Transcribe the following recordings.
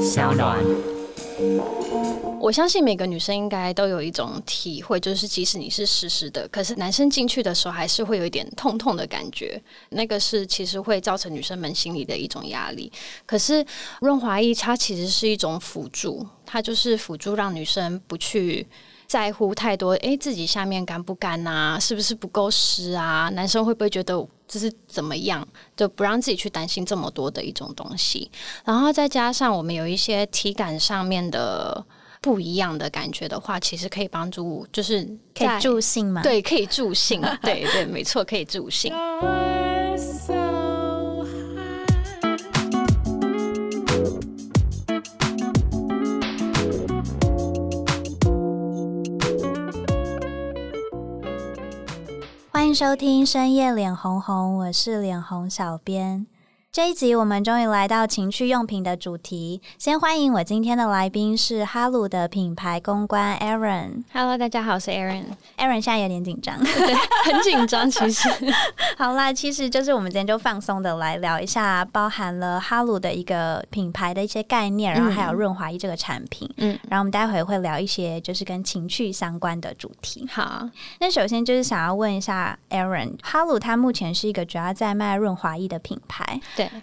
小暖， on. 我相信每個女生應該都有一種體會，就是即使你是濕濕的，可是男生進去的時候還是會有一點痛痛的感覺，那個是其實會造成女生們心裡的一種壓力。可是潤滑液它其實是一種輔助，它就是輔助讓女生不去。在乎太多，誒、欸，自己下面乾不乾啊？是不是不夠濕啊？男生會不會覺得這是怎麼樣？就不讓自己去擔心這麼多的一種東西。然後再加上我們有一些體感上面的不一樣的感覺的話，其實可以幫助，就是可以助興嘛？對，可以助興。 對對，沒錯，可以助興。 歡迎收聽《深夜臉紅紅》，我是臉紅小編。這一集我們終於來到情趣用品的主題。先歡迎我今天的來賓是哈魯的品牌公關 Erin。Hello，大家好，我是 Erin。Erin 現在有點緊張，對，很緊張， 其實。好啦，其實就是我們今天就放鬆的來聊一下，包含了哈魯的一個品牌的一些概念，然後還有潤滑液這個產品。嗯。嗯，然後我們待會會聊一些就是跟情趣相關的主題。好，那首先就是想要問一下 Erin，哈魯它目前是一個主要在賣潤滑液的品牌。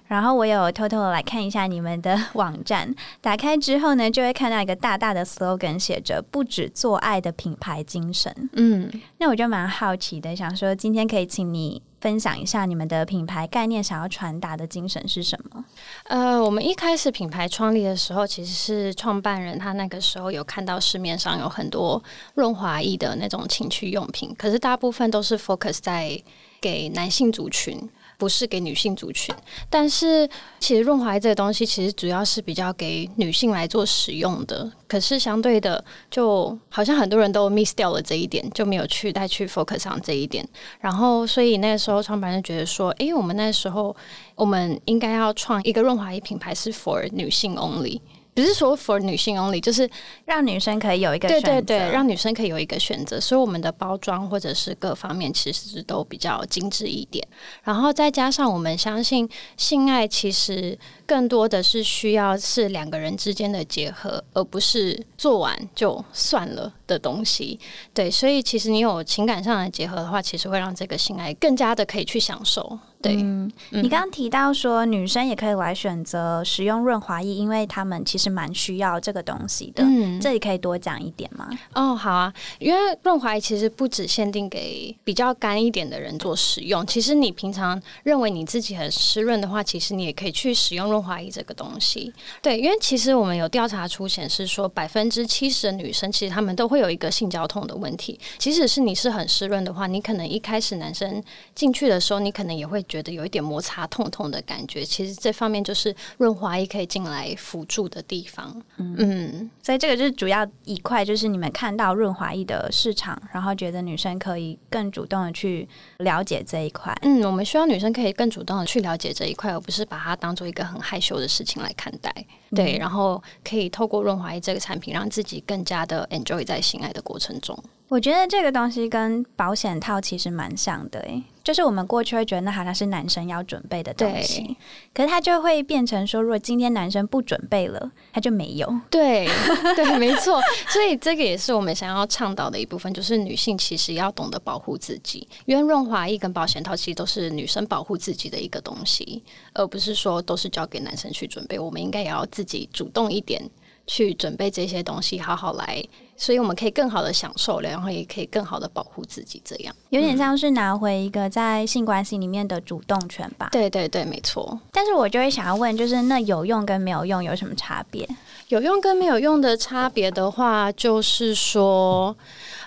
然後我有偷偷的來看一下你們的網站，打開之後呢，就會看到一個大大的 slogan，寫着“不止做愛的品牌精神”。嗯，那我就蠻好奇的，想說今天可以請你分享一下你們的品牌概念，想要傳達的精神是什麼？呃，我們一開始品牌創立的時候，其實是創辦人他那個時候有看到市面上有很多潤滑液的那種情趣用品，可是大部分都是 focus 在給男性族群。不是給女性族群，但是其實潤滑液這個東西其實主要是比較給女性來做使用的，可是相對的，就好像很多人都 miss 掉了這一點，就沒有去再去 focus on 這一點。然後，所以那時候創辦人覺得說，哎、欸，我們那時候我們應該要創一個潤滑液品牌是 for 女性 only。只是說 for 女性 only，就是讓女生可以有一個選擇，對對對，讓女生可以有一個選擇。所以我們的包裝或者是各方面其實都比較精緻一點，然後再加上我們相信性愛其實更多的是需要是兩個人之間的結合，而不是做完就算了的東西。對，所以其實你有情感上的結合的話，其實會讓這個性愛更加的可以去享受。對、嗯、你剛剛提到說，嗯哼，女生也可以來選擇使用潤滑液，因為她們其實蠻需要這個東西的。嗯、這裡可以多講一點嗎？哦，好啊，因為潤滑液其實不只限定給比較乾一點的人做使用，其實你平常認為你自己很濕潤的話，其實你也可以去使用潤滑液這個東西。對，因為其實我們有調查出顯示說，百分之七十的女生其實她們都會有一個性交痛的問題，即使是你是很濕潤的話，你可能一開始男生進去的時候，你可能也會。覺得有一點摩擦痛痛的感覺，其實這方面就是潤滑液可以進來輔助的地方。嗯，嗯，所以這個就是主要一塊，就是你們看到潤滑液的市場，然後覺得女生可以更主動的去了解這一塊。嗯，我們希望女生可以更主動的去了解這一塊，而不是把它當做一個很害羞的事情來看待。嗯、對，然後可以透過潤滑液這個產品，讓自己更加的 enjoy 在性愛的過程中。我覺得這個東西跟保險套其實蠻像的，哎，就是我們過去會覺得那好像是男生要準備的東西，對可是它就會變成說，如果今天男生不準備了，他就沒有。對對，對 沒錯。所以這個也是我們想要倡導的一部分，就是女性其實要懂得保護自己，因為潤滑液跟保險套其實都是女生保護自己的一個東西，而不是說都是交給男生去準備。我們應該也要自己主動一點去準備這些東西，好好來。所以我們可以更好的享受了，然後也可以更好的保護自己，這樣有點像是拿回一個在性關係裡面的主動權吧？嗯、對對對，沒錯。但是我就會想要問，就是那有用跟沒有用有什麼差別？有用跟沒有用的差別的話，就是說，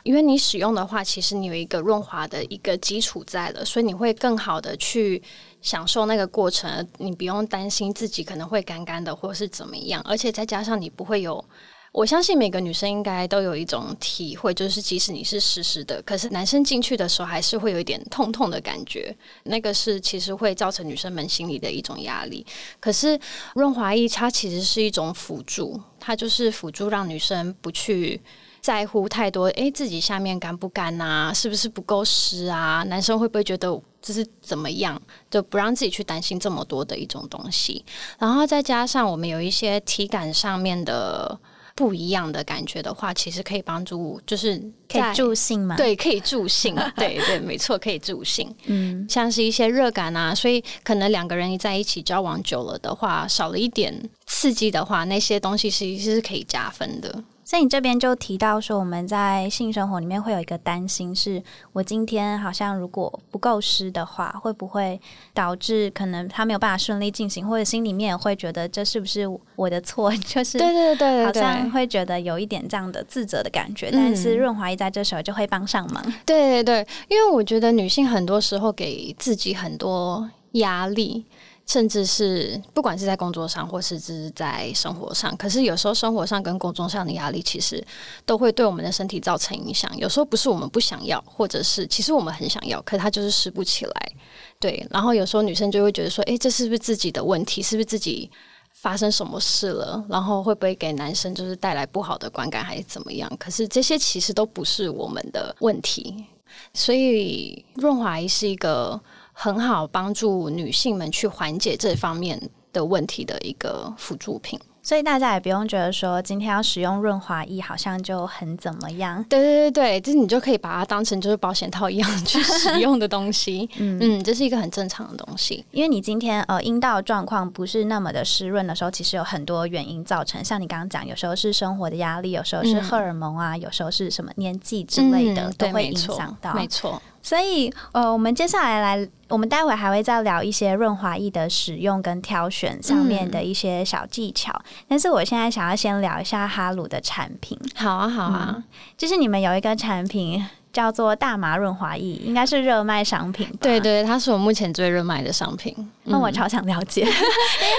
因為你使用的話，其實你有一個潤滑的一個基礎在了，所以你會更好的去享受那個過程，你不用擔心自己可能會乾乾的或是怎麼樣，而且再加上你不會有。我相信每個女生應該都有一種體會，就是即使你是濕濕的，可是男生進去的時候還是會有一點痛痛的感覺。那個是其實會造成女生們心裡的一種壓力。可是潤滑液它其實是一種輔助，它就是輔助讓女生不去在乎太多。誒、欸，自己下面乾不乾啊？是不是不夠濕啊？男生會不會覺得這是怎麼樣？就不讓自己去擔心這麼多的一種東西。然後再加上我們有一些體感上面的。不一樣的感覺的話，其實可以幫助，就是在可以助興嘛，對，可以助興， 對對，沒錯，可以助興。嗯， 像是一些熱感啊，所以可能兩個人一在一起交往久了的話，少了一點刺激的話，那些東西其實是可以加分的。那你這邊就提到說，我們在性生活裡面會有一個擔心，是我今天好像如果不夠濕的話，會不會導致可能他沒有辦法順利進行，或者心裡面會覺得這是不是我的錯？就是對對對，好像會覺得有一點這樣的自責的感覺。對對對對對。但是潤滑液在這時候就會幫上忙。嗯。對對對，因為我覺得女性很多時候給自己很多壓力。甚至是不管是在工作上，或是是在生活上，可是有時候生活上跟工作上的壓力，其實都會對我們的身體造成影響。有時候不是我們不想要，或者是其實我們很想要，可是它就是濕不起來。對，然後有時候女生就會覺得說：“哎、欸，這是不是自己的問題？是不是自己發生什麼事了？然後會不會給男生就是帶來不好的觀感，還是怎麼樣？”可是這些其實都不是我們的問題，所以潤滑是一個。很好幫助女性們去緩解這方面的問題的一個輔助品，所以大家也不用覺得說今天要使用潤滑液好像就很怎麼樣。對對對對，這你就可以把它當成就是保險套一樣去使用的東西。 嗯嗯，這是一個很正常的東西。嗯、因為你今天呃陰道狀況不是那麼的濕潤的時候，其實有很多原因造成。像你剛剛講，有時候是生活的壓力，有時候是荷爾蒙啊，有時候是什麼年紀之類的、嗯、都會影響到。嗯、沒錯，沒錯。所以呃，我們接下來來。我們待會還會再聊一些潤滑液的使用跟挑選上面的一些小技巧，嗯，但是我現在想要先聊一下哈魯的產品。好啊，好啊，嗯，就是你們有一個產品。叫做大麻潤滑液，應該是熱賣商品。對,對對，它是我目前最熱賣的商品。那、嗯嗯、我超想了解， 因為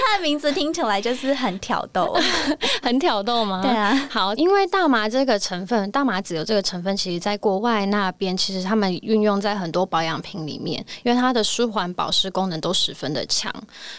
它的名字聽起來就是很挑逗， 很挑逗嗎？對啊。好，因為大麻這個成分，大麻籽油這個成分，其實在國外那邊，其實他們運用在很多保養品裡面，因為它的舒緩保濕功能都十分的強。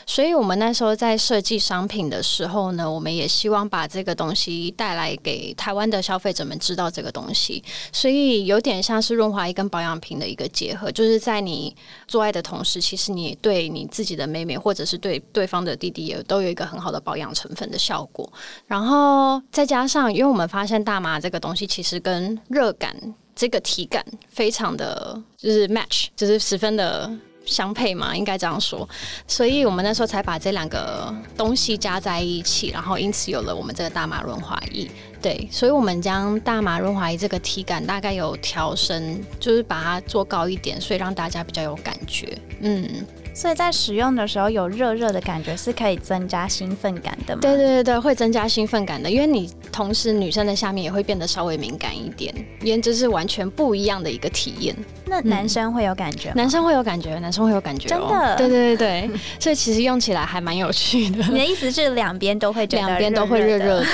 所以，我們那時候在設計商品的時候呢，我們也希望把這個東西帶來給台灣的消費者們知道這個東西，所以有點。像是潤滑液跟保養品的一個結合，就是在你做愛的同時，其實你對你自己的妹妹或者是對對方的弟弟也都有一個很好的保養成分的效果。然後再加上，因為我們發現大麻這個東西其實跟熱感這個體感非常的就是 match，就是十分的相配嘛，應該這樣說。所以我們那時候才把這兩個東西加在一起，然後因此有了我們這個大麻潤滑液。對，所以我們將大麻潤滑液這個體感大概有調升，就是把它做高一點，所以讓大家比較有感覺。嗯。所以在使用的時候有熱熱的感覺是可以增加興奮感的嗎？對對對對，會增加興奮感的，因為你同時女生的下面也會變得稍微敏感一點，簡直是完全不一樣的一個體驗。那男生會有感覺嗎？嗯？男生會有感覺，男生會有感覺、哦，真的。對對對對，所以其實用起來還蠻有趣的。你的意思是兩邊都會，兩邊都會熱熱的。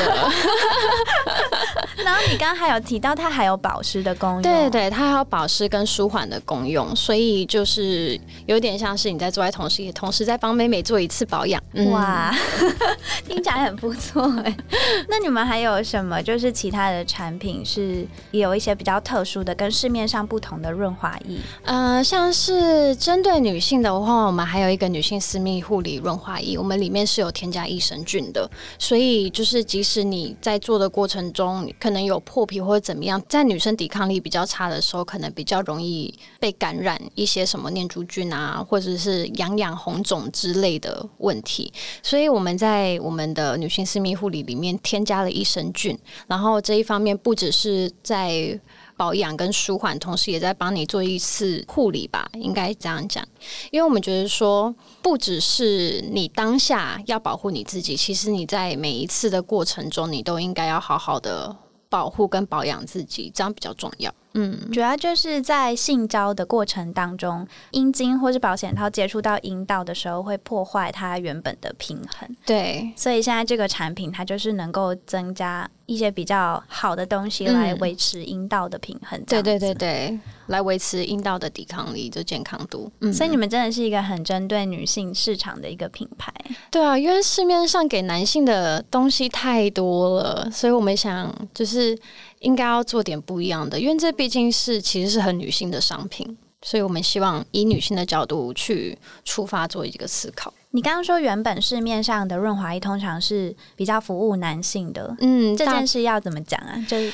然後你剛剛還有提到它還有保濕的功用，對對，它還有保濕跟舒緩的功用，所以就是有點像是你在做，同時也同時在幫妹妹做一次保養。嗯、哇呵呵，聽起來很不錯。 那你們還有什麼就是其他的產品是也有一些比較特殊的，跟市面上不同的潤滑液？嗯、呃，像是針對女性的話，我們還有一個女性私密護理潤滑液，我們裡面是有添加益生菌的，所以就是即使你在做的過程中。可能有破皮或者怎麼樣，在女生抵抗力比較差的時候，可能比較容易被感染一些什麼念珠菌啊，或者是癢癢紅腫之類的問題。所以我們在我們的女性私密護理裡面添加了益生菌，然後這一方面不只是在保養跟舒緩，同時也在幫你做一次護理吧，應該這樣講。因為我們覺得說，不只是你當下要保護你自己，其實你在每一次的過程中，你都應該要好好的。保護跟保養自己，這樣比較重要。嗯，主要就是在性交的過程當中，陰莖或是保險套接觸到陰道的時候，會破壞它原本的平衡。對，所以現在這個產品，它就是能夠增加一些比較好的東西來維持陰道的平衡，嗯。對對對對，來維持陰道的抵抗力，就健康度。嗯，所以你們真的是一個很針對女性市場的一個品牌。對啊，因為市面上給男性的東西太多了，所以我們想就是。應該要做點不一樣的，因為這畢竟是其實是很女性的商品，所以我們希望以女性的角度去出發做一個思考。你剛剛說原本市面上的潤滑液通常是比較服務男性的，嗯，這件事要怎麼講啊？到就是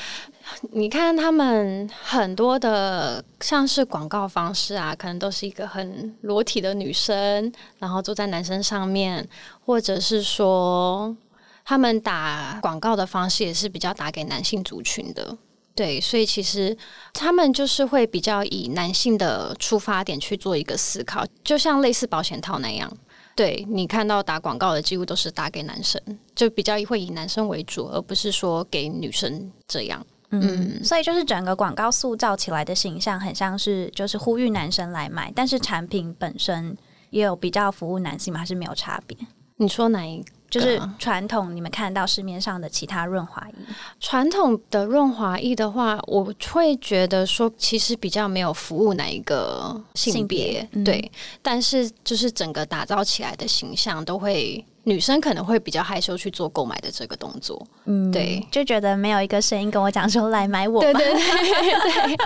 你看他們很多的像是廣告方式啊，可能都是一個很裸體的女生，然後坐在男生上面，或者是說。他們打廣告的方式也是比較打給男性族群的，對，所以其實他們就是會比較以男性的出發點去做一個思考，就像類似保險套那樣，對，你看到打廣告的幾乎都是打給男生，就比較會以男生為主，而不是說給女生這樣。嗯，嗯，所以就是整個廣告塑造起來的形象很像是就是呼籲男生來買，但是產品本身也有比較服務男性嗎？還是沒有差別？你說哪一個？就是傳統，你們看到市面上的其他潤滑液，傳統的潤滑液的話，我會覺得說，其實比較沒有服務哪一個性別，性嗯、對，但是就是整個打造起來的形象都會。女生可能會比較害羞去做購買的這個動作，嗯，對，就覺得沒有一個聲音跟我講說來買我吧，對對對對，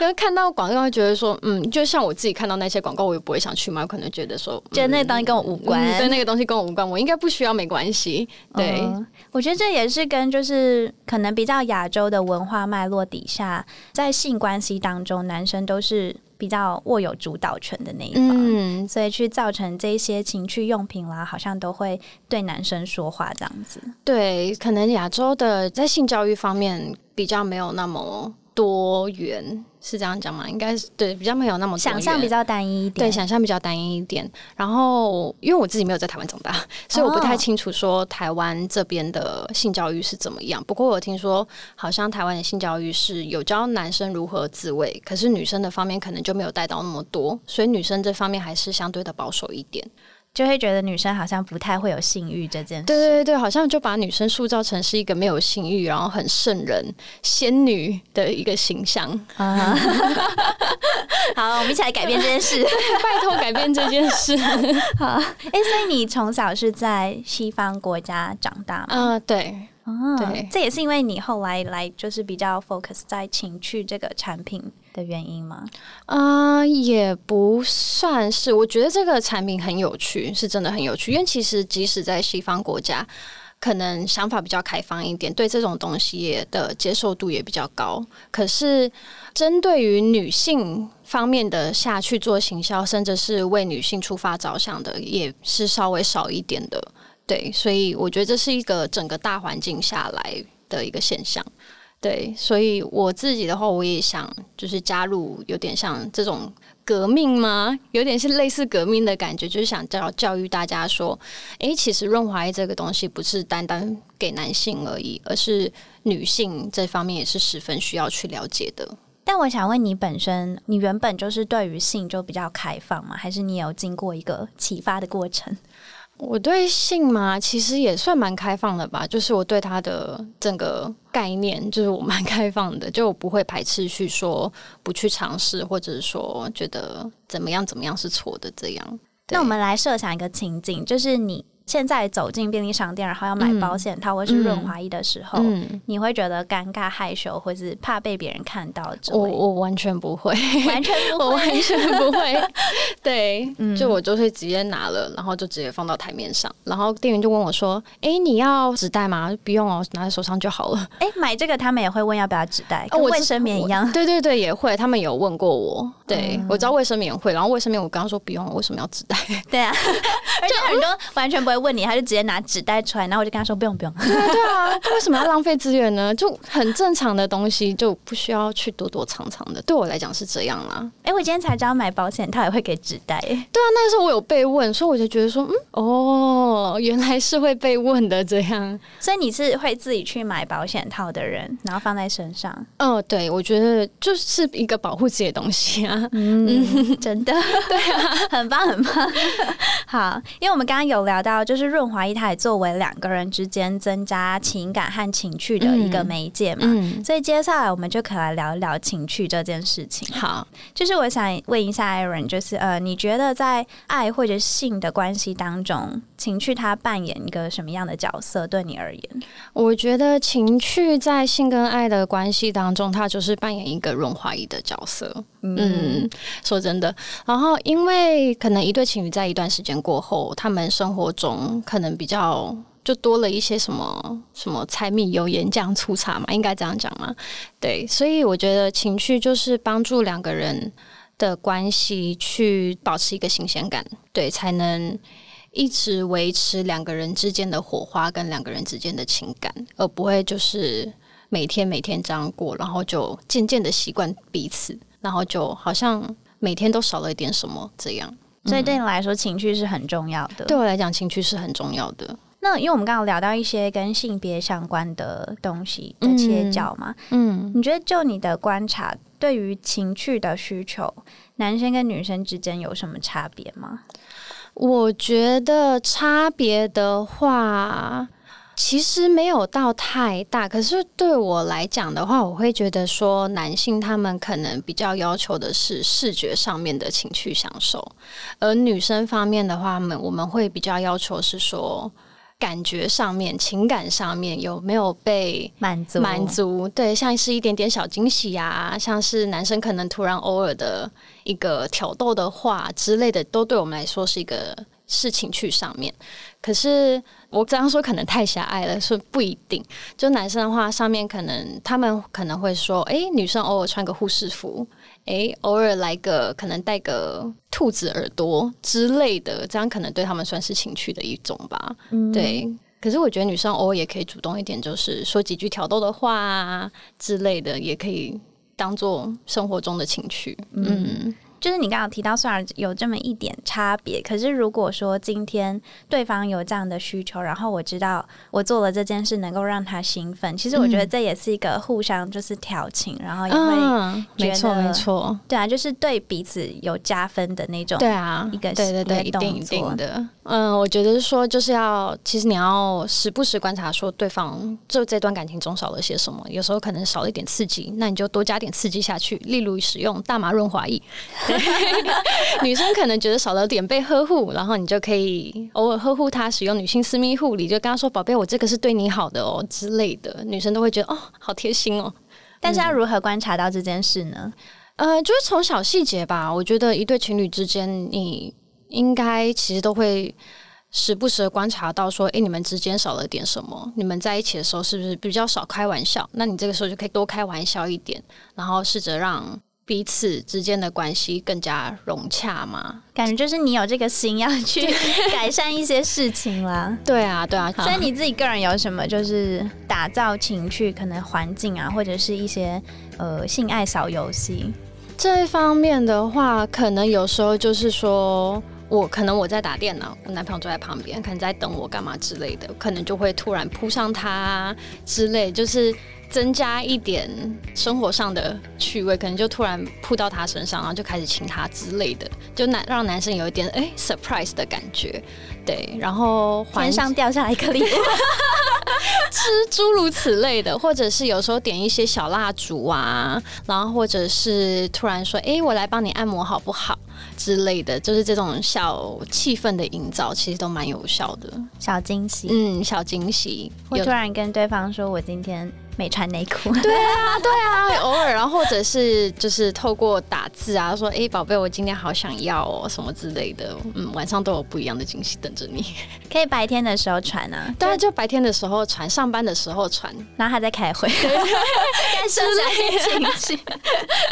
因為 看到廣告會覺得說，嗯，就像我自己看到那些廣告，我也不會想去買，可能覺得說，覺得那東西跟我無關，嗯、對那個東西跟我無關，我應該不需要，沒關係。對、嗯，我覺得這也是跟就是可能比較亞洲的文化脈絡底下，在性關係當中，男生都是。比較握有主導權的那一方，嗯，所以去造成這些情趣用品啦，好像都會對男生說話這樣子。對，可能亞洲的在性教育方面比較沒有那麼。多元是這樣講嗎？應該是對，比較沒有那麼多元，想象比較單一一點，對，想象比較單一一點。然後因為我自己沒有在台灣長大，哦哦，所以我不太清楚說台灣這邊的性教育是怎麼樣。不過我聽說好像台灣的性教育是有教男生如何自慰，可是女生的方面可能就沒有帶到那麼多，所以女生這方面還是相對的保守一點。就會覺得女生好像不太會有性慾這件事，對對對，好像就把女生塑造成是一個沒有性慾，然後很聖人、仙女的一個形象啊。好，我們一起來改變這件事， 拜托改變這件事。 好，哎、欸，所以你從小是在西方國家長大嗎？啊，uh, 對，啊、uh-huh. 對，這也是因為你後來來就是比較 focus 在情趣這個產品的原因嗎？啊、呃，也不算是。我覺得這個產品很有趣，是真的很有趣。因為其實即使在西方國家，可能想法比較開放一點，對這種東西的接受度也比較高。可是針對於女性方面的下去做行銷，甚至是為女性出發着想的，也是稍微少一點的。對，所以我覺得這是一個整個大環境下來的一個現象。對，所以我自己的話，我也想就是加入，有點像這種革命嗎？有點是類似革命的感覺，就是想教教育大家說，誒，其實潤滑液這個東西不是單單給男性而已，而是女性這方面也是十分需要去了解的。但我想問你，本身你原本就是對於性就比較開放嗎？還是你有經過一個啟發的過程？我對性嘛，其實也算蠻開放的吧。就是我對他的整個概念，就是我蠻開放的，就不會排斥，去說不去嘗試，或者是說覺得怎麼樣怎麼樣是錯的這樣。對。那我們來設想一個情景，就是你。現在走進便利商店，然後要買保險套、嗯、或是潤滑液的時候，嗯、你會覺得尷尬害羞，或是怕被別人看到？我我完全不會，完全不會我完全不會。 對，嗯、就我就是直接拿了，然後就直接放到台面上，然後店員就問我說：“哎、欸，你要紙袋嗎？不用哦，我拿在手上就好了。”哎、欸，買這個他們也會問要不要紙袋，跟衛生棉一樣、呃。對對對，也會，他們有問過我。對、嗯、我知道衛生棉會，然後衛生棉我剛剛說不用了，為什麼要紙袋？對啊，就很多完全不。會問你，他就直接拿紙袋出來，然後我就跟他說：“不用，不用。”對啊，為什麼要浪費資源呢？就很正常的東西，就不需要去躲躲藏藏的。對我來講是這樣啦。哎、欸，我今天才知道買保險套也會給紙袋。對啊，那個時候我有被問，所以我就覺得說：“嗯，哦，原來是會被問的這樣。”所以你是會自己去買保險套的人，然後放在身上。嗯、呃，對，我覺得就是一個保護自己的東西啊。嗯， 真的，對啊，很棒，很棒。 好，因為我們剛剛有聊到。就是潤滑液，它也作為兩個人之間增加情感和情趣的一個媒介嘛。嗯嗯、所以接下來我們就可以來聊一聊情趣這件事情。好，就是我想問一下，Erin，就是呃，你覺得在愛或者性的關係當中，情趣它扮演一個什麼樣的角色？對你而言，我覺得情趣在性跟愛的關係當中，它就是扮演一個潤滑液的角色。嗯，嗯，說真的，然後因為可能一對情侶在一段時間過後，他們生活中可能比較就多了一些什麼什麼柴米油鹽醬醋茶嘛，應該這樣講嘛？對，所以我覺得情趣就是幫助兩個人的關係去保持一個新鮮感，對，才能一直維持兩個人之間的火花跟兩個人之間的情感，而不會就是每天每天這樣過，然後就漸漸的習慣彼此。然後就好像每天都少了一點什麼，這樣。所以對你來說，嗯、情趣是很重要的。對我來講，情趣是很重要的。那因為我們剛剛聊到一些跟性別相關的東西的切角嘛，嗯，嗯你覺得就你的觀察，對於情趣的需求，男生跟女生之間有什麼差別嗎？我覺得差別的話。其實沒有到太大，可是對我來講的話，我會覺得說，男性他們可能比較要求的是視覺上面的情趣享受，而女生方面的話，們我們會比較要求是說感覺上面、情感上面有沒有被滿足。滿足，對，像是一點點小驚喜啊，像是男生可能突然偶爾的一個挑逗的話之類的，都對我們來說是一個是情趣上面，可是，我這樣說可能太狹隘了，說不一定。就男生的話，上面可能他們可能會說：“哎、欸，女生偶爾穿個護士服，哎、欸，偶爾來個可能戴個兔子耳朵之類的，這樣可能對他們算是情趣的一種吧。嗯”對。可是我覺得女生偶爾也可以主動一點，就是說幾句挑逗的話、啊、之類的，也可以當做生活中的情趣。嗯。嗯就是你剛剛提到，雖然有這麼一點差別，可是如果說今天對方有這樣的需求，然後我知道我做了這件事能夠讓他興奮，其實我覺得這也是一個互相就是調情，嗯、然後因為沒錯沒錯，沒錯對啊，就是對彼此有加分的那種，對啊，一個對對對，作一定一定的，嗯，我覺得說就是要，其實你要時不時觀察說對方就這段感情中少了些什麼，有時候可能少了一點刺激，那你就多加點刺激下去，例如使用大麻潤滑液。 女生可能覺得少了點被呵護，然後你就可以偶爾呵護她，使用女性私密護理，就跟她說，寶貝，我這個是對你好的哦之類的，女生都會覺得哦，好貼心哦。但是要如何觀察到這件事呢？嗯、呃，就是從小細節吧。我覺得一對情侶之間，你應該其實都會時不時的觀察到，說，哎、欸，你們之間少了點什麼？你們在一起的時候是不是比較少開玩笑？那你這個時候就可以多開玩笑一點，然後試着讓。彼此之間的關係更加融洽嘛，感覺就是你有這個心要去就 改善一些事情啦。對啊，對啊。 所以你自己個人有什麼就是打造情趣可能環境啊，或者是一些呃性愛小遊戲這一方面的話，可能有時候就是說我可能我在打電腦，我男朋友坐在旁邊，可能在等我幹嘛之類的，可能就會突然撲上他啊，之類的，就是。增加一點生活上的趣味，可能就突然撲到他身上，然後就開始親他之類的，就男讓男生有一點哎、欸、surprise 的感覺。對，然後天上掉下來一個禮物，啊， 諸如此類的，或者是有時候點一些小蠟燭啊，然後或者是突然說：“哎，我來幫你按摩好不好？”之類的，就是這種小氣氛的營造，其實都蠻有效的。小驚喜，嗯，小驚喜，我突然跟對方說我今天沒穿內褲。有對啊，對啊， 偶爾，然後或者是就是透過打字啊，說：“哎，寶貝，我今天好想要哦，什麼之類的。”嗯，晚上都有不一樣的驚喜的。你可以白天的時候傳啊，當然對對就白天的時候傳，上班的時候傳，然後還在開會，但是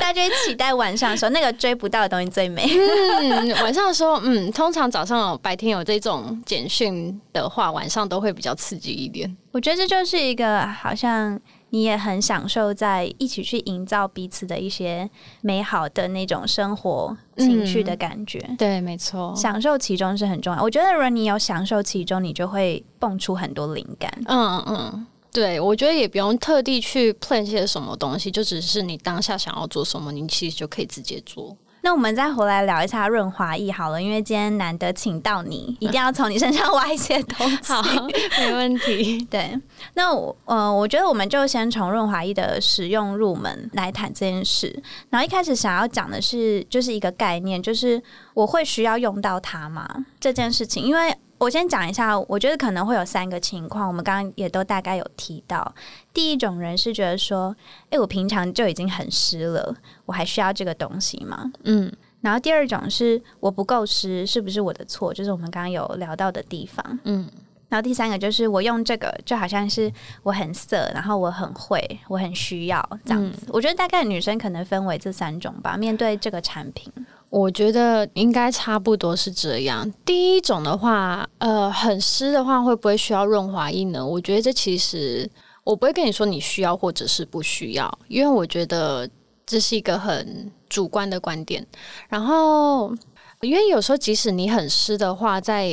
大家就會期待晚上的時候 那個追不到的東西最美。嗯、晚上的時候嗯，通常早上白天有這種簡訊的話，晚上都會比較刺激一點。我覺得這就是一個好像。你也很享受在一起去營造彼此的一些美好的那種生活情趣的感覺，嗯、對，沒錯，享受其中是很重要。我覺得，如果你有享受其中，你就會蹦出很多靈感。嗯嗯，對我覺得也不用特地去 plan 一些什麼東西，就只是你當下想要做什麼，你其實就可以直接做。那我們再回來聊一下潤滑液好了，因為今天難得請到你，一定要從你身上挖一些東西。 好，沒問題。對，那我呃，我覺得我們就先從潤滑液的使用入門來談這件事。然後一開始想要講的是，就是一個概念，就是我會需要用到它嗎？這件事情，因為。我先講一下，我覺得可能會有三個情況，我們剛剛也都大概有提到。第一種人是覺得說，哎，我平常就已經很濕了，我還需要這個東西嗎？嗯。然後第二種是我不夠濕，是不是我的錯？就是我們剛剛有聊到的地方。嗯。然後第三個就是我用這個就好像是我很色，然後我很會，我很需要這樣子。嗯。我覺得大概女生可能分為這三種吧，面對這個產品。我覺得應該差不多是這樣。第一種的話，呃，很濕的話會不會需要潤滑液呢？我覺得這其實我不會跟你說你需要或者是不需要，因為我覺得這是一個很主觀的觀點。然後，因為有時候即使你很濕的話，在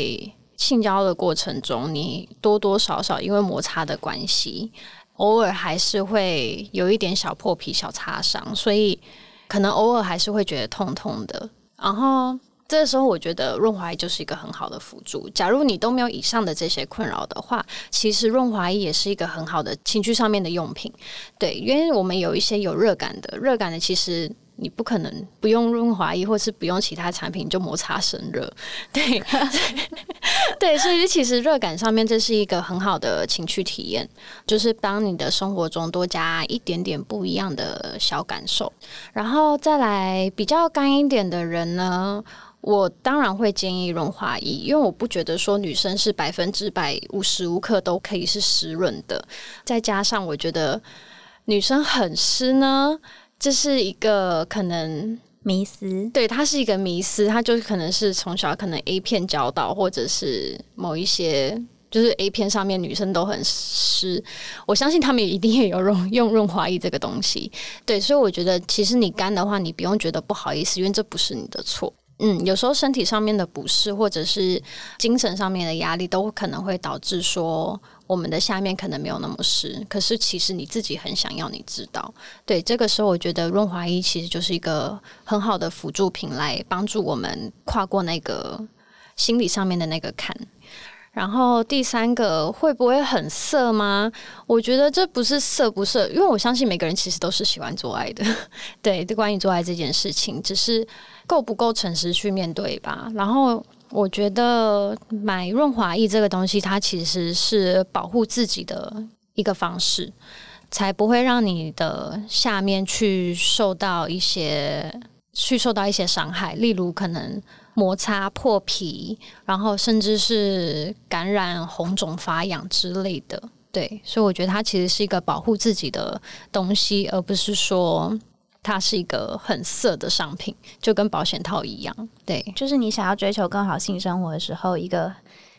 性交的過程中，你多多少少因為摩擦的關係，偶爾還是會有一點小破皮、小擦傷，所以。可能偶爾還是會覺得痛痛的，然後這時候我覺得潤滑液就是一個很好的輔助。假如你都沒有以上的這些困擾的話，其實潤滑液也是一個很好的情趣上面的用品。對，因為我們有一些有熱感的，熱感的其實。你不可能不用潤滑液，或是不用其他產品就摩擦生熱，對， 對，所以其實熱感上面這是一個很好的情趣體驗，就是幫你的生活中多加一點點不一樣的小感受。然後再來比較乾一點的人呢，我當然會建議潤滑液，因為我不覺得說女生是百分之百無時無刻都可以是濕潤的，再加上我覺得女生很濕呢，這是一個可能迷思，對，它是一個迷思，它就是可能是從小可能 A 片教導，或者是某一些就是 A 片上面女生都很濕，我相信他們一定也有用用潤滑液這個東西，對，所以我覺得其實你乾的話，你不用覺得不好意思，因為這不是你的錯。嗯，有時候身體上面的不適，或者是精神上面的壓力，都可能會導致說我們的下面可能沒有那麼濕。可是其實你自己很想要你知道，對，這個時候，我覺得潤滑液其實就是一個很好的輔助品，來幫助我們跨過那個心理上面的那個坎。然後第三個，會不會很色嗎？我覺得這不是色不色，因為我相信每個人其實都是喜歡做愛的。對，關於做愛這件事情，只是夠不夠誠實去面對吧。然後我覺得買潤滑液這個東西，它其實是保護自己的一個方式，才不會讓你的下面去受到一些去受到一些傷害，例如可能，摩擦破皮，然後甚至是感染、紅腫、發癢之類的。對，所以我覺得它其實是一個保護自己的東西，而不是說它是一個很色的商品，就跟保險套一樣。對，就是你想要追求更好性生活的時候，一個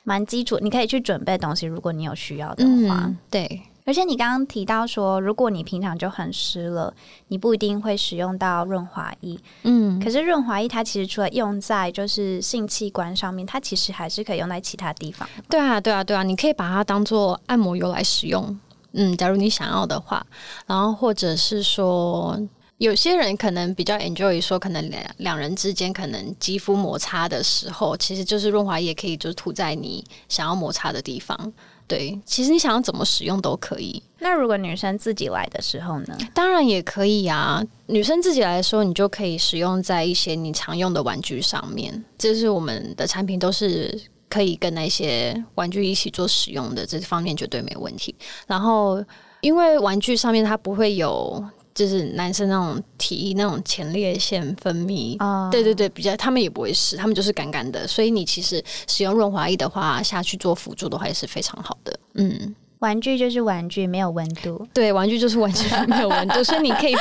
蠻基礎，你可以去準備東西，如果你有需要的話。嗯，對。而且你剛剛提到說，如果你平常就很濕了，你不一定會使用到潤滑液。嗯，可是潤滑液它其實除了用在就是性器官上面，它其實還是可以用在其他地方。對啊，對啊，對啊，你可以把它當做按摩油來使用。嗯，假如你想要的話，然後或者是說，有些人可能比較 enjoy 說，可能兩兩人之間可能肌膚摩擦的時候，其實就是潤滑液可以就是塗在你想要摩擦的地方。對，其實你想要怎麼使用都可以。那如果女生自己來的時候呢？當然也可以啊。女生自己來說，你就可以使用在一些你常用的玩具上面。這、就是我們的產品，都是可以跟那些玩具一起做使用的，這方面絕對沒問題。然後，因為玩具上面它不會有。就是男生那種體液，那種前列腺分泌啊，Oh. 對對對，比較他們也不會濕，他們就是乾乾的，所以你其實使用潤滑液的話，下去做輔助的話也是非常好的。嗯，玩具就是玩具，沒有溫度。對，玩具就是玩具，沒有溫度， 所以你可以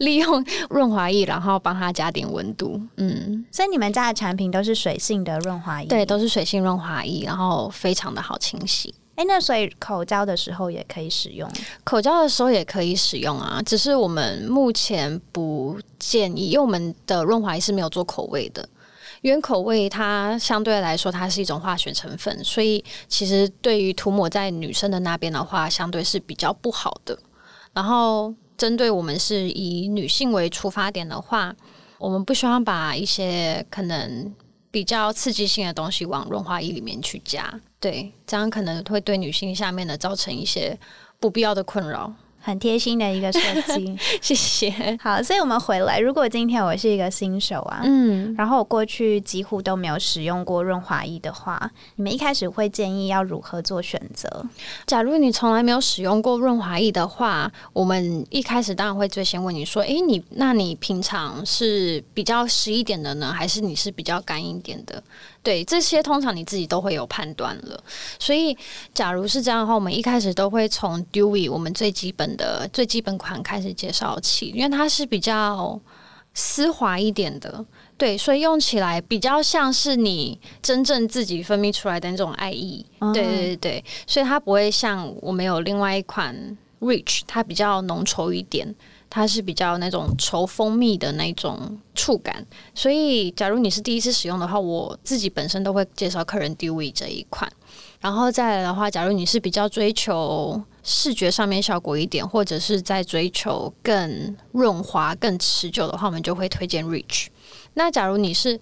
利用潤滑液，然後幫它加點溫度。嗯，所以你們家的產品都是水性的潤滑液，對，都是水性潤滑液，然後非常的好清洗。哎、欸，那所以口交的時候也可以使用？口交的時候也可以使用啊，只是我們目前不建議，因為我們的潤滑液是沒有做口味的，因為口味它相對來說它是一種化學成分，所以其實對於塗抹在女生的那邊的話，相對是比較不好的。然後針對我們是以女性為出發點的話，我們不希望把一些可能比較刺激性的東西往潤滑液裡面去加。對，這樣可能會對女性下面的造成一些不必要的困擾。很貼心的一個設計， 謝謝。好，所以我們回來。如果今天我是一個新手啊，嗯，然後我過去幾乎都沒有使用過潤滑液的話，你們一開始會建議要如何做選擇？假如你從來沒有使用過潤滑液的話，我們一開始當然會最先問你說：“哎，你那你平常是比較濕一點的呢，還是你是比較乾一點的？”對這些通常你自己都會有判斷了，所以假如是這樣的話，我們一開始都會從 Dewy 我們最基本的最基本款開始介紹起，因為它是比較絲滑一點的，對，所以用起來比較像是你真正自己分泌出來的那種愛意，對、哦、對對對，所以它不會像我們有另外一款 Rich，它比較濃稠一點。它是比較那種稠蜂蜜的那種觸感，所以假如你是第一次使用的話，我自己本身都會介紹客人 Dewey 這一款。然後再來的話，假如你是比較追求視覺上面效果一點，或者是在追求更潤滑、更持久的話，我們就會推薦 Rich。那假如你是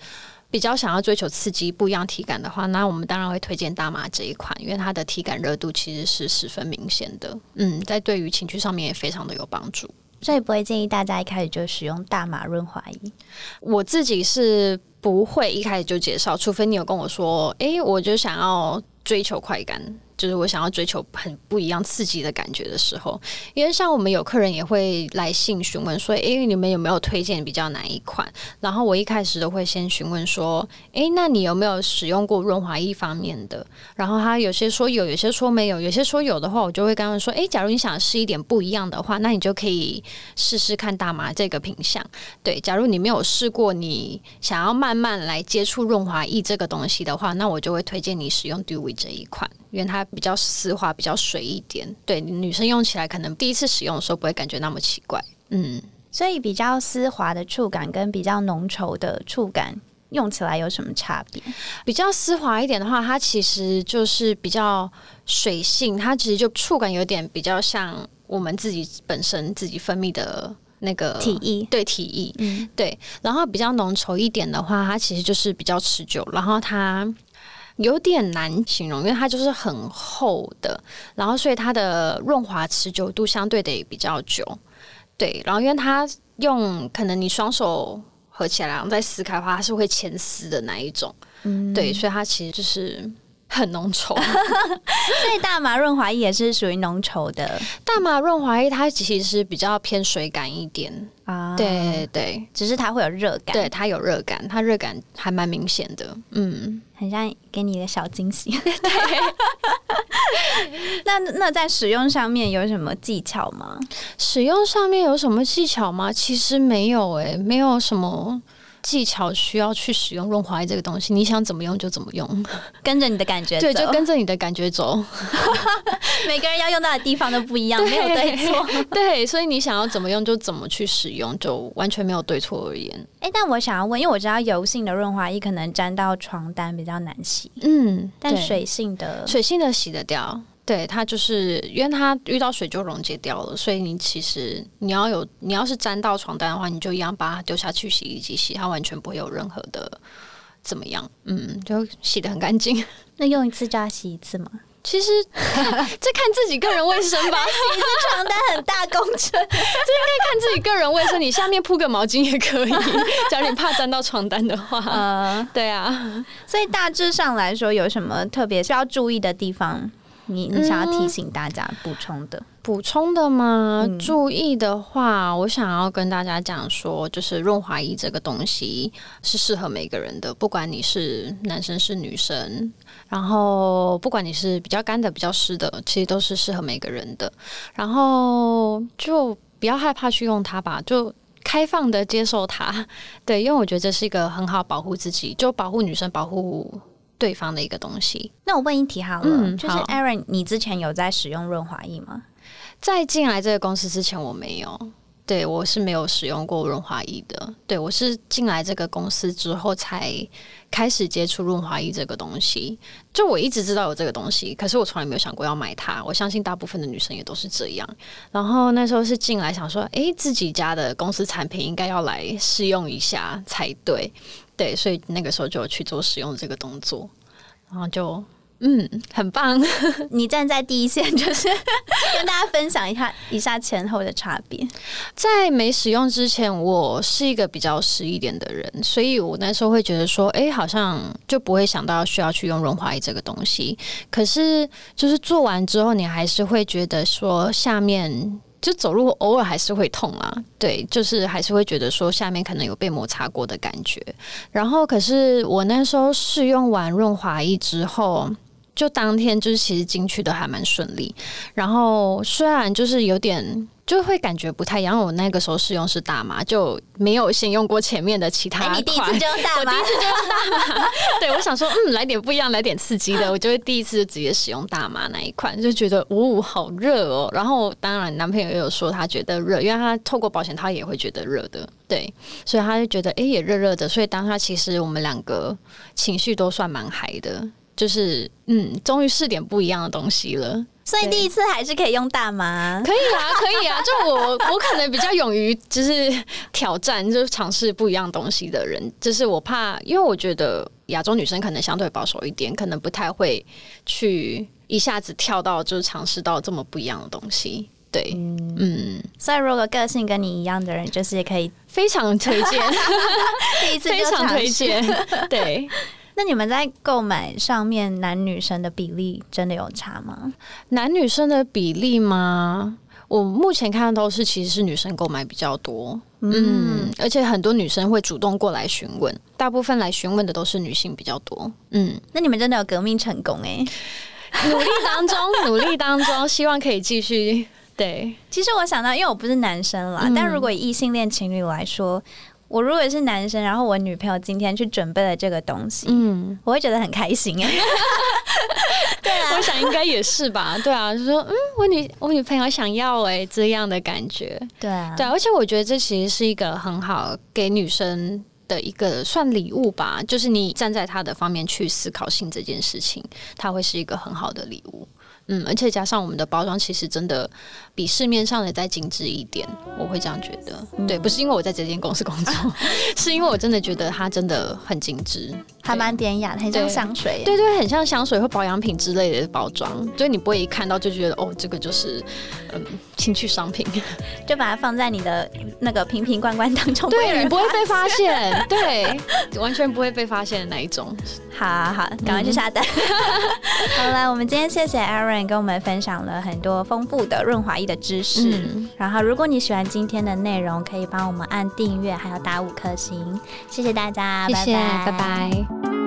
比較想要追求刺激、不一樣體感的話，那我們當然會推薦大麻這一款，因為它的體感熱度其實是十分明顯的，嗯，在對於情趣上面也非常的有幫助。所以不會建議大家一開始就使用大麻潤滑液。我自己是不會一開始就介紹，除非你有跟我說：“哎、欸，我就想要追求快感。”就是我想要追求很不一樣刺激的感覺的時候，因為像我們有客人也會來信詢問說：“誒、欸，你們有沒有推薦比較哪一款？”然後我一開始都會先詢問說：“誒、欸，那你有沒有使用過潤滑液方面的？”然後他有些說有，有些說沒有，有些說有的話，我就會跟他說：“誒、欸，假如你想試一點不一樣的話，那你就可以試試看大麻這個品項。對，假如你沒有試過，你想要慢慢來接觸潤滑液這個東西的話，那我就會推薦你使用 Dewy 這一款。”因為它比較絲滑，比較水一點，對，女生用起來可能第一次使用的時候不會感覺那麼奇怪，嗯。所以比較絲滑的觸感跟比較濃稠的觸感用起來有什麼差別？比較絲滑一點的話，它其實就是比較水性，它其實就觸感有點比較像我們自己本身自己分泌的那個體液，對，體液，嗯，對。然後比較濃稠一點的話，它其實就是比較持久，然後它。有點難形容，因為它就是很厚的，然後所以它的潤滑持久度相對的也比較久，對。然後因為它用，可能你雙手合起來然後再撕開的話，它是會牽絲的那一種，嗯，對，所以它其實就是。很濃稠， 所以大麻潤滑液也是屬於濃稠的。大麻潤滑液它其實比較偏水感一點啊，對對，對只是它會有熱感，對，它有熱感，它熱感還蠻明顯的，嗯，很像給你的小驚喜。 對， 那那在使用上面有什麼技巧嗎？使用上面有什麼技巧嗎？其實沒有哎、欸，沒有什麼。技巧需要去使用潤滑液這個東西，你想怎麼用就怎麼用，跟着你的感覺走。對，就跟着你的感覺走。覺走。 每個人要用到的地方都不一樣，對沒有對錯。對，所以你想要怎麼用就怎麼去使用，就完全沒有對錯而言。欸，但我想要問，因為我知道油性的潤滑液可能沾到床單比較難洗。嗯，但水性的水性的洗得掉。對，它就是因為它遇到水就溶解掉了，所以你其實，你要有你要是沾到床單的話，你就一樣把它丟下去洗衣機洗，它完全不會有任何的怎麼樣，嗯，就洗得很乾淨。那用一次就要洗一次嗎？其實這 看自己個人衛生吧， 洗一次床單很大工程，這應該看自己個人衛生。你下面鋪個毛巾也可以，假如 你怕沾到床單的話。嗯，對啊。所以大致上來說，有什麼特別需要注意的地方？你你想要提醒大家補充的補、嗯、充的嗎？注意的話，嗯、我想要跟大家講說，就是潤滑液這個東西是適合每個人的，不管你是男生是女生，然後不管你是比較乾的比較濕的，其實都是適合每個人的。然後就不要害怕去用它吧，就開放的接受它。對，因為我覺得這是一個很好保護自己，就保護女生，保護。對方的一個東西，那我問你題好了，嗯、好好就是 Erin，你之前有在使用潤滑液嗎？在進來這個公司之前，我沒有。對，我是沒有使用過潤滑液的。對，我是進來這個公司之後才開始接觸潤滑液這個東西。就我一直知道有這個東西，可是我從來沒有想過要買它。我相信大部分的女生也都是這樣。然後那時候是進來想說，哎、欸，自己家的公司產品應該要來試用一下才對。對，所以那個時候就去做使用這個動作，然後就嗯，很棒。 你站在第一線，就是 跟大家分享一下一下前後的差別。在沒使用之前，我是一個比較實一點的人，所以我那時候會覺得說，哎、欸，好像就不會想到需要去用潤滑液這個東西。可是，就是做完之後，你還是會覺得說下面。就走路偶爾還是會痛啊，對，就是還是會覺得說下面可能有被摩擦過的感覺。然後，可是我那時候試用完潤滑液之後，就當天就是其實進去的還蠻順利，然後雖然就是有點就會感覺不太一樣。我那個時候使用是大麻，就沒有先用過前面的其他款。欸、你第一次就大麻 ，對我想說嗯，來點不一樣，來點刺激的，我就會第一次直接使用大麻那一款，就覺得嗚、哦、好熱哦。然後當然男朋友也有說他覺得熱，因為他透過保險套他也會覺得熱的，對，所以他就覺得哎、欸、也熱熱的。所以當下其實我們兩個情緒都算蠻嗨的。就是嗯，終於試點不一樣的東西了，所以第一次還是可以用大麻，對可以啊，可以啊。就我 我可能比較勇於就是挑戰，就是嘗試不一樣東西的人，就是我怕，因為我覺得亞洲女生可能相對保守一點，可能不太會去一下子跳到就是嘗試到這麼不一樣的東西。對，嗯，嗯，所以如果個性跟你一樣的人，就是也可以非常推薦， 非常推薦，對。那你們在購買上面男女生的比例真的有差嗎？男女生的比例嗎？我目前看到都是其實是女生購買比較多，嗯，嗯，而且很多女生會主動過來詢問，大部分來詢問的都是女性比較多，嗯。那你們真的有革命成功哎、欸？努力當中， 努力當中，希望可以繼續，對。其實我想到，因為我不是男生啦，嗯、但如果異性戀情侶來說。我如果是男生，然後我女朋友今天去準備了這個東西，嗯，我會覺得很開心 對。對啊，我想應該也是吧。對啊，就說嗯，我女我女朋友想要哎、欸、這樣的感覺。對啊，對，而且我覺得這其實是一個很好給女生的一個算禮物吧，就是你站在她的方面去思考性這件事情，她會是一個很好的禮物。嗯，而且加上我們的包裝，其實真的比市面上的再精緻一點，我會這樣覺得。嗯、對，不是因為我在這間公司工作，啊、是因為我真的覺得它真的很精緻，還蠻典雅的，很像香水。對對，對對，很像香水或保養品之類的包裝，所以你不會一看到就覺得哦，這個就是嗯情趣商品，就把它放在你的那個瓶瓶罐罐當中，對你不會被發現， 對，完全不會被發現的那一種。好，啊、好，好，趕快去下單。嗯、好了，我們今天謝謝 Aaron。跟我們分享了很多豐富的潤滑液的知識。嗯，然後，如果你喜歡今天的內容，可以幫我們按訂閱，還有打五顆星。謝謝大家，謝謝，拜拜，拜拜。